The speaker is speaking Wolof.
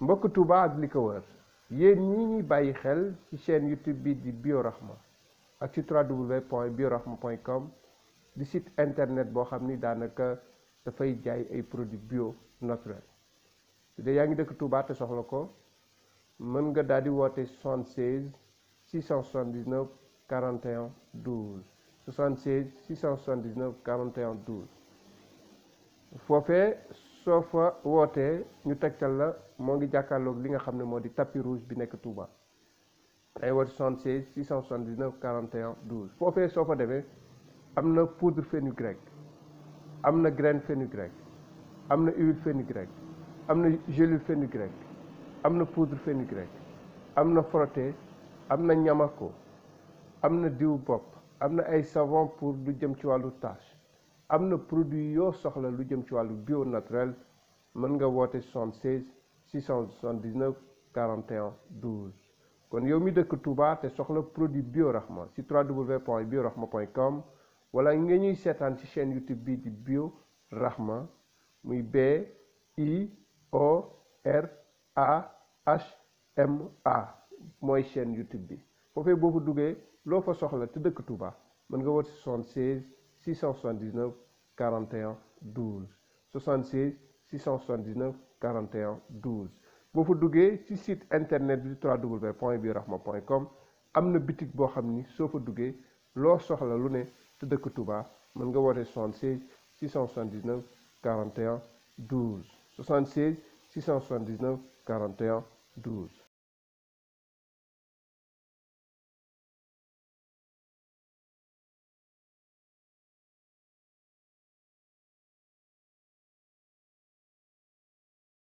mbokk Touba ak li ko wër yéen ñi ñuy bàyyi xel ci chaîne YouTube bi di Biorahma ak ci www.biorahma.com di site internet boo xam ni daanaka dafay jaay ay produits bio naturel su dee yaa ngi dëkk Touba te soxla ko mën nga daal di woote 76 679 41 12 76 679 41 12 foofee. soo fa wootee ñu tegtal la moo ngi jàkkaarlook li nga xam ne moo di tapis rouge bi nekk Touba day woote 76 679 41 12 foofee soo fa demee am na poudre fenugrec am na graine fenugrec am na huile fenugrec am na gelule fenugrec am na poudre fenugrec am na frotté am na ñamako am na diw bopp am na ay savon pour lu jëm ci wàllu tache am na produit yoo soxla lu jëm ci wàllu bio naturel mën nga woote 76 679 41 12 kon yow mi dëkk tubaa te soxla produit Biorahma ci www.biorahma.com wala nga ñuy seetaan ci chaîne YouTube bi di Biorahma muy B I O R A H M A mooy chaîne YouTube bi foofee boo fa duggee loo fa soxla te dëkk Touba mën nga woote 76 679 41 12 76. 679 41 12 boo fa duggee ci site internet bi point www.birahma.com am na bitig boo xam ni soo fa duggee loo soxla lu ne te dëkk Touba mën nga woote 76 679 41 12 76 679 41 12